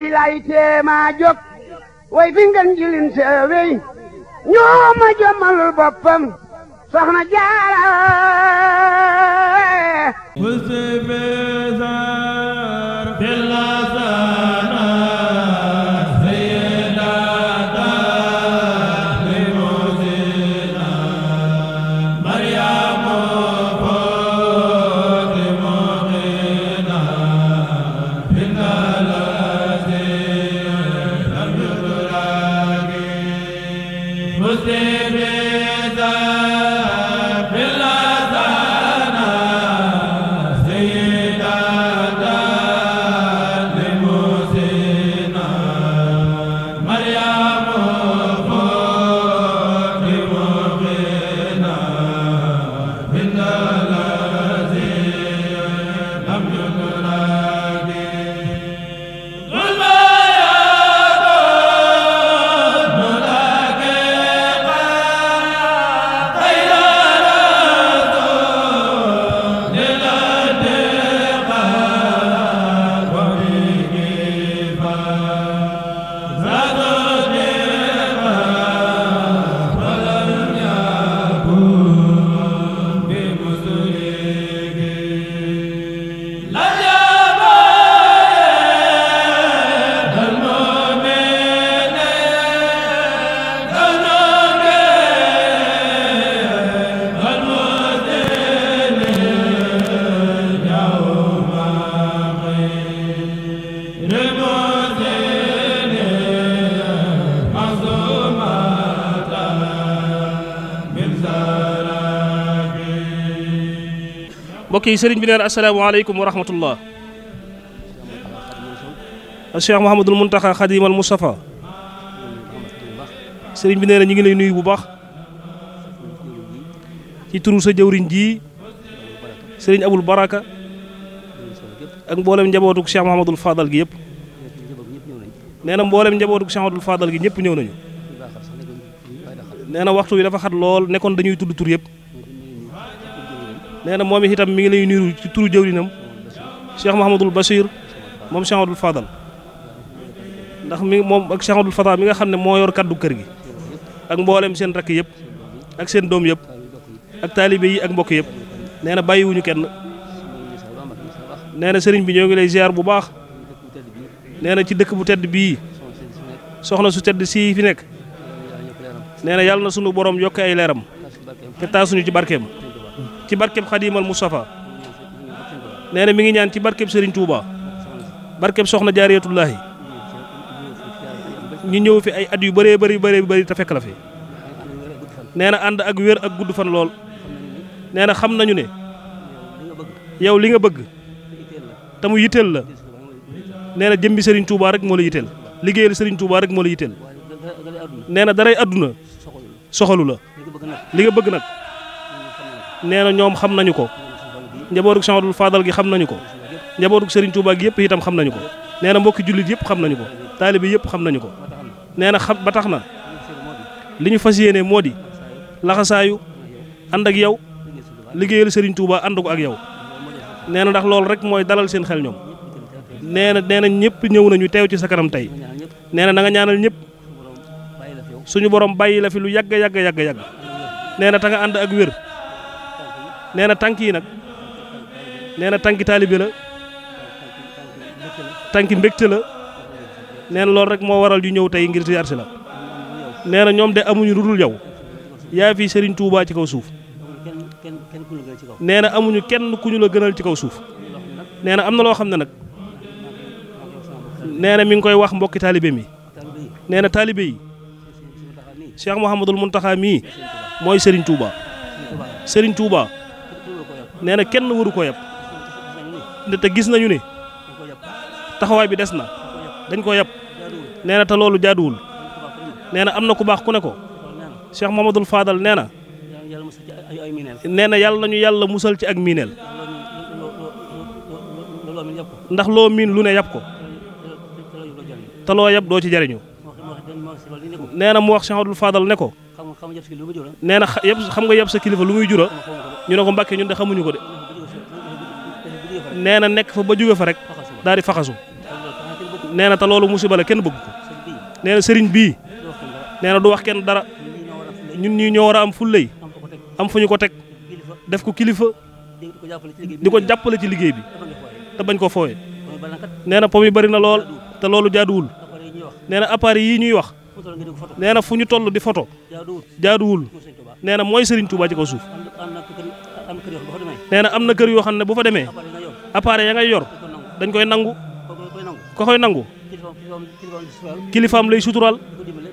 lay teema jóg way fi ngeen jilin seewey ma jëmmalul boppam soxna jaara mbokk yi sëriñ bi neen asalaamaaleykum wa rahmatullah cheikh Mouhamadul Muntaxa Xadimal Mustafa sëriñ bi nee na ñu ngi lay nuyu bu baax ci turu sa jëwriñ ji sëriñ Abul Baraka ak mboolem njabootuk cheikh Mouhamadul Fadal gi yëpp nee na mboolem njabootuk cheikh Mouhamadul Fadal gi ñëpp ñëw nañu nee na waxtu wi dafa xat lool nekkoon dañuy tudd tur yëpp. nee na moom itam mi ngi lay nuyu ci turu jëwrinam Cheikh Mouhamadul Bachir moom Cheikh Amadou Fadal ndax mi moom ak Cheikh Amadou Fadal mi nga xam ne moo yor kaddu kër gi ak mboolem seen rakk yépp ak seen doom yëpp ak taalibe yi ak mbokk yépp nee na bàyyiwuñu kenn nee sëriñ bi ñoo ngi lay ziar bu baax nee ci dëkk bu tedd bii soxna su tedd sii fi nekk nee na yàlla na sunu boroom yokk ay leeram te taasuñu ci barkeem. ci barkeb xadimal Mustafa nee na mi ngi ñaan ci barkeb Serigne Touba barkeb Soxna Jaariyatullaahi ñu ñëw fi ay at yu bëree bëri bëri bëri te fekk la fi nee na ànd ak wér ak gudd fan lool nee na xam nañu ne yow li nga bëgg te mu yitteel la nee na jëmbi Serigne Touba rek moo la yitteel liggéeyal sëriñ Touba rek moo la yitteel nee na daray àdduna soxalu la li nga bëgg nag. nee na ñoom xam nañu ko njabootu Cheikhul faadal gi xam nañu ko njabootu sëriñ Touba gi yëpp itam xam nañu ko nee na mbokki jullit yëpp xam nañu ko taalibe yëpp xam nañu ko nee na xam ba tax na li ñu fas yéene moo di laxasaayu ànd ak yow liggéeyal sëriñ Touba ànd ko ak yow nee na ndax loolu rek mooy dalal seen xel ñoom nee na nee na ñëpp ñëw nañu teew ci sa kanam tey nee na na nga ñaanal ñëpp suñu borom bàyyi la fi lu yàgg yàgg yàgg yàgg nee na ta nga ànd ak wér. nee na tànk yi nag nee na tànki taalibe la tànki mbégte la nee loolu rek moo waral ñu ñëw tey ngir ziyaar si la nee ñoom de amuñu lu dul yow yaa fi sëriñ Touba ci kaw suuf nee na amuñu kenn ku ñu la gënal ci kaw suuf nee na am na loo xam ne nag nee na mi ngi koy wax mbokki taalibe mi nee na taalibe yi Cheikh Mouhamadul Mountakha mii mooy sëriñ Touba sëriñ Touba nee na kenn waru ko yab te gis nañu ni taxawaay bi des na dañ ko yab nee na te loolu jaaduwul nee na am na ku baax ku ne ko Cheikh Mamadou Fadal nee na nee na yàlla nañu yàlla musal ci ak miineel ndax loo miin lu ne yab ko te loo yab doo ci jariñu nee mu wax Cheikh Mamadou ne ko nee xam nga yab sa kilifa lu muy jura ñu ne ko Mbàkke ñun de xamuñu ko de nee na nekk fa ba jóge fa rek daal di faxasu nee na te loolu musiba la kenn bëgg ko nee sëriñ bii nee na du wax kenn dara ñun ñii ñoo war a am fullay am fu ñu ko teg def ko kilifa di ko jàppale ci liggéey bi te bañ ko fooye nee na pom yi bari na lool te loolu jaaduwul nee na yi ñuy wax nee na fu ñu toll di photo jaaduwul nee na mooy Serigne Touba ci kaw suuf nee na am na kër yoo xam ne bu fa demee appareil ya ngay yor dañ koy nangu ko koy nangu kilifaam lay suturaal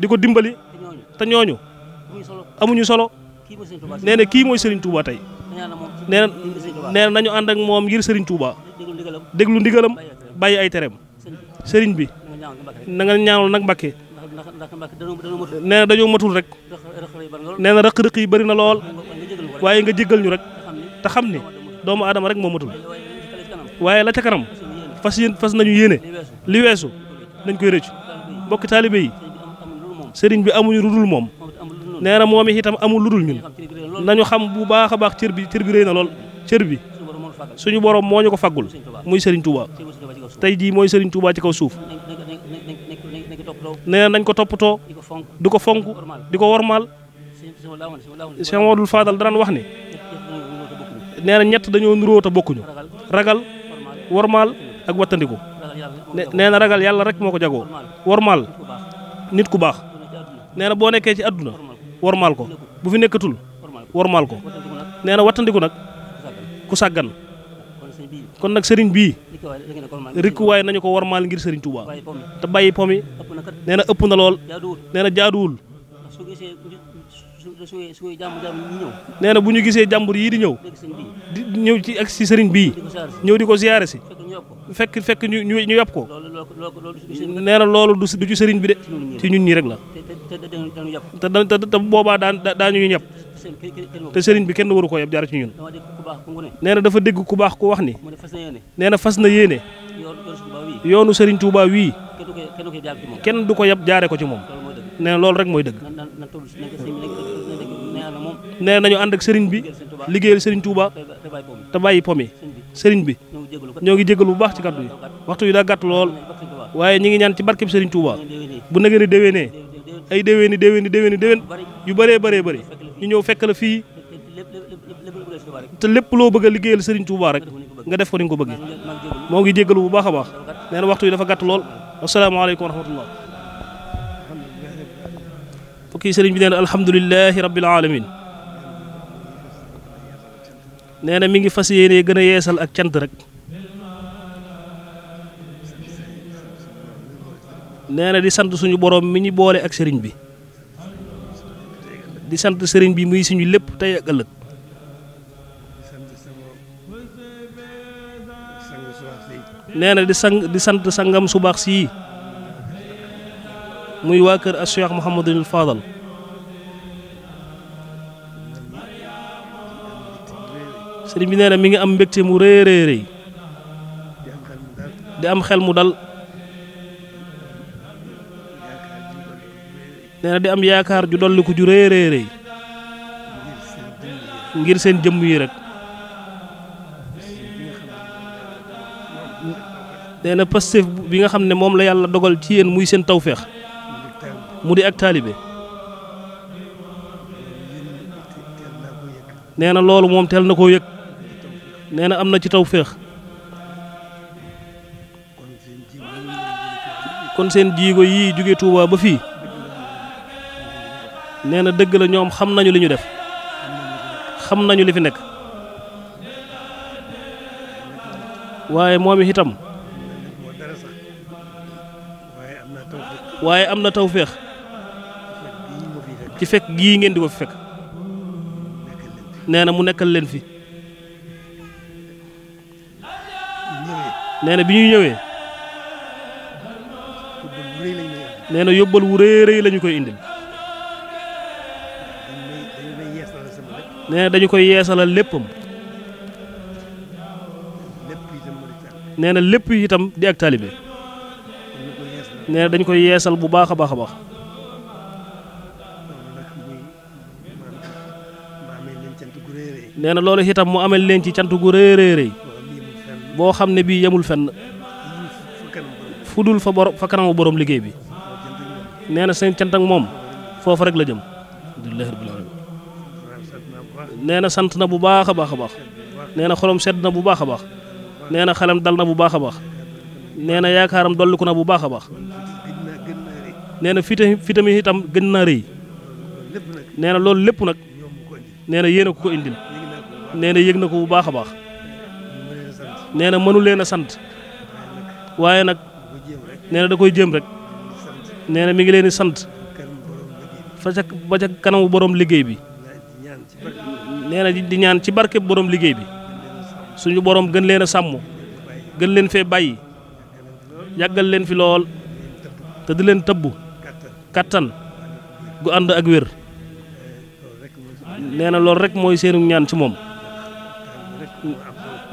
di ko dimbali te ñooñu amuñu solo nee na kii mooy Serigne Touba tey nee na nee na nañu ànd moom ngir Serigne Touba déglu ndigalam bàyyi ay tereem Serigne bi na nga nag Mbàkke nee na dañoo matul rek nee na rëq-rëq yi bari na lool waaye nga jéggal ñu rek te xam ni doomu aadama rek moo matul waaye la ca kanam fas yéen fas nañu yéene li weesu dañ koy rëccu mbokki taalibe yi sëriñ bi amuñu ludul moom nee na moom itam amul ludul ñun nañu xam bu baax a baax cër bi cër bi rëy na lool cër bi suñu borom moo ñu ko faggul muy sëriñ Touba tey jii mooy sëriñ Touba ci kaw suuf nee nañ ko toppatoo di ko fonk di ko wormaal Cheikh Mamadou Fadal daan wax ni nee na ñett dañoo nuróo te bokkuñu ragal wormaal ak wattandiku nee na ragal yàlla rek moo ko jagoo wormaal nit ku baax nee na boo nekkee ci àdduna wormaal ko bu fi nekkatul wormaal ko nee wattandiku nag ku sàggan kon nag sëriñ bii rikkuwaay nañu ko warmaal ngir sëriñ Touba te bàyyi pom yi nee na ëpp na lool nee na jaaduwul nee na bu ñu gisee jàmbur yii di ñëw di ñëw ci ak si sëriñ bii ñëw di ko ziyaare si fekk fekk ñu ñu yàpp ko nee na loolu du du ci sëriñ bi de ci ñun ñi rek la te boobaa daan daañu ñu ñëpp te sëriñ bi kenn waru ko yab jaar ci ñun nee na dafa dégg ku baax ku wax ni nee na fas na yéene yoonu sëriñ Touba wii kenn du ko yab jaare ko ci moom nee na loolu rek mooy dëgg nee nañu ànd ak sëriñ bi liggéeyal sëriñ Touba te bàyyi pom yi sëriñ bi ñoo ngi jégalu bu baax ci kàddu yi waxtu yi daa gàtt lool waaye ñi ngi ñaan ci barkeb sëriñ Touba bu nagee ni déwénee ay déwéni déwéni déwéni déwén yu bëree bëree bëri ñu ñëw fekk la fii te lépp loo bëgg a liggéeyal Serigne Touba rek nga def ko ni ko bëggee moo ngi jéggalu bu baax a baax nee na waxtu yi dafa gàtt lool asalaamaaleykum wa rahmatullah fokki Serigne bi nee na alhamdulilahi alamin nee mi ngi fas yéene gën a yeesal ak cant rek nee di sant suñu borom mi ñu boole ak sëriñ bi di sant sëriñ bi muy suñu lépp tey ak ëllëg nee di sant sangam su baax sii muy waa kër a Cheikh Mouhamadul sëriñ bi nee na mi ngi am mbégte mu rëy rëy di am xel mu dal. nee na di am yaakaar ju dolli ko ju rëy rëy rëy ngir seen jëmm yi rek nee na Pastef bi nga xam ne moom la yàlla dogal ci yéen muy seen tawféex mu di ak taalibe nee na loolu moom teel na koo yëg nee na am na ci tawféex kon seen jiigo yii jóge Touba ba fii nee na dëgg la ñoom xam nañu li ñu def xam nañu li fi nekk waaye moom itam waaye am na tawféex ci fekk gii ngeen di ko fi fekk nee na mu nekkal leen fi nee bi ñuy ñëwee nee na yóbbal wu rëy rëy la koy indil. nee dañu koy yeesalal léppam nee na lépp itam di ak taalibe nee dañu koy yeesal bu baax a baax a baax nee na loolu itam mu amel leen ci cant gu rëy rëy rëy boo xam ne bii yamul fenn fu dul fa borom fa kanamu borom liggéey bi nee na seen cant moom foofu rek la jëm nee na sant na bu baax a baax a baax nee na xolom sedd na bu baax a baax nee na xelam dal na bu baax a baax nee na yaakaaram ko na bu baax a baax nee na fita fitam itam gën naa rëy nee na loolu lépp nag nee na yéen a ko indil nee na yëg na ko bu baax a baax nee na mënu leen a sant waaye nag nee da koy jëm rek nee na mi ngi leen di sant fa ca kanamu borom liggéey bi. nee na di ñaan ci barke borom liggéey bi suñu borom gën leen a sàmm gën leen fee bàyyi yàggal leen fi lool te di leen tëbb kattan gu ànd ak wér nee na loolu rek mooy seenu ñaan ci moom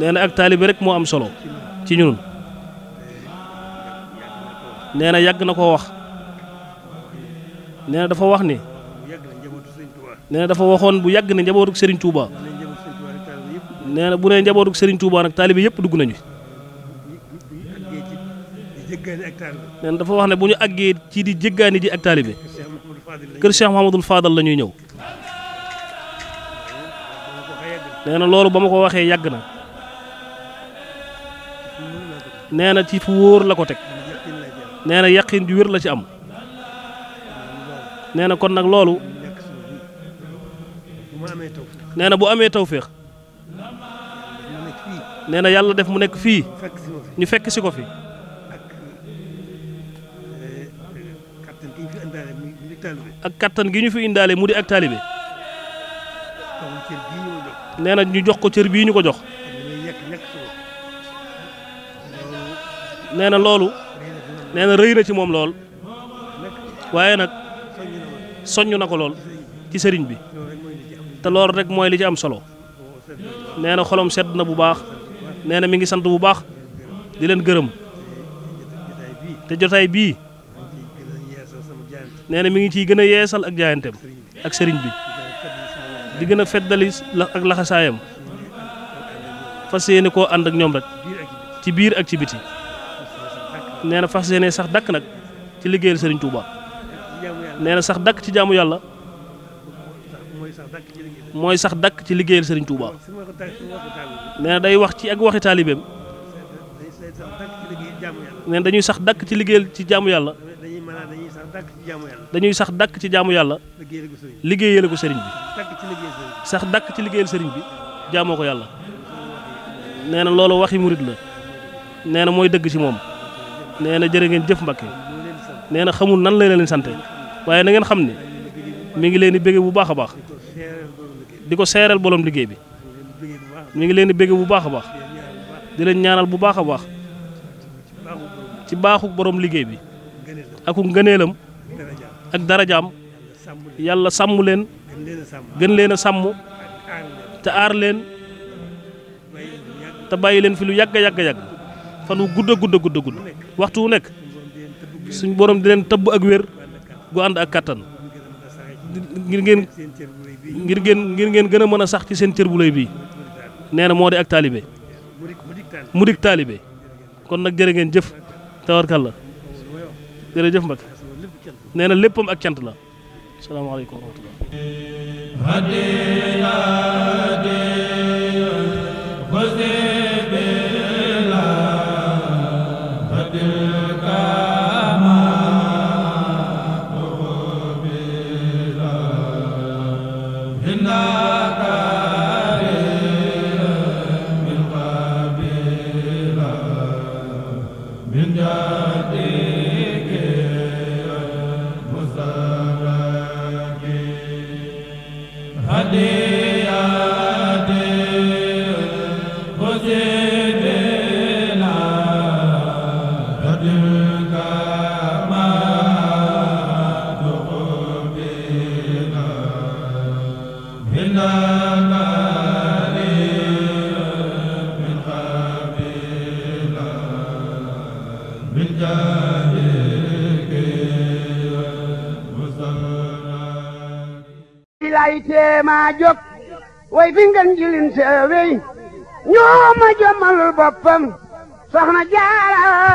nee ak taalibe rek moo am solo ci ñun nee yàgg na koo wax nee na dafa wax ni nee dafa waxoon bu yàgg na njabootuk Serigne Touba nee na bu nee njabootuk Serigne Touba nag taalibe yëpp dugg nañu. nee dafa wax ne bu ñu àggee ci di jéggaani ji ak taalibe kër Cheikh Mouhamadul Fadal la ñëw. nee na loolu ba ma ko waxee yàgg na. nee na ci fu wóor la ko teg. nee na yàqin ju wér la ci am. nee kon nag loolu. nee na bu amee tawféex nee na yàlla def mu nekk fii ñu fekk si ko fi ak kattan gi ñu fi indaale mu di ak taalibe neena ñu jox ko cër bii ñu ko jox nee na loolu nee na rëy na ci moom lool waaye nag soññ na ko lool ci sëriñ bi te loolu rek mooy li ci am solo nee na xolom sedd na bu baax nee na mi ngi sant bu baax di leen gërëm te jotaay bii nee na mi ngi ciy gën a yeesal ak jaayanteem ak sëriñ bi di gën a feddali ak laxasaayam fas yéene koo ànd ak ñoom rek ci biir ak ci biti nee na fas yéene sax dakk nag ci liggéeyal sëriñ Touba nee sax dakk ci jaamu yàlla. mooy sax dakk ci liggéeyal sëriñ Touba nee na day wax ci ak waxi taalibeem nee dañuy sax dakk ci liggéeyal ci jaamu yàlla dañuy sax dakk ci jaamu yàlla liggéeyale ko sëriñ bi sax dakk ci liggéeyal sëriñ bi jaamoo ko yàlla nee na loolu waxi murit la nee na mooy dëgg ci moom nee na jërë ngeen jëf Mbàkke nee na xamul nan la leen sante waaye na ngeen xam ne mu ngi leen di bëgge bu baax a baax di ko seereel borom liggéey bi ñu ngi leen di bu baax a baax di leen ñaanal bu baax a baax ci baaxu borom liggéey bi aku ngëneelam ak darajaam yàlla sàmm leen gën leen a sàmm te aar leen te bàyyi leen fi lu yàgg a yàgg fan wu gudd a gudd a waxtu wu nekk suñu borom di leen tëbb ak wér gu ànd ak kàttan ngir ngeen ngir ngeen ngir mën a sax ci seen cër bu lay bii na moo di ak taalibe mu dik taalibe kon nag jërë ngeen jëf tawarkal la jërëjëf mbag nee na léppam ak cant la salaamaaleykum wa rahmatullah na maa jóg way fi ngeen jilin seewey ñoo ma soxna jaara